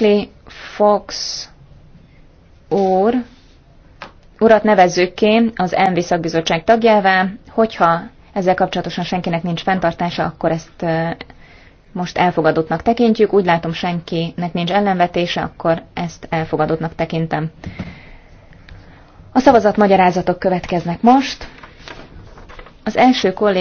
Ashley Fox úr, urat nevezzük ki az MV szakbizottság tagjává, hogyha ezzel kapcsolatosan senkinek nincs fenntartása, akkor ezt most elfogadottnak tekintjük. Úgy látom, senkinek nincs ellenvetése, akkor ezt elfogadottnak tekintem. A szavazat magyarázatok következnek most. Az első kollégium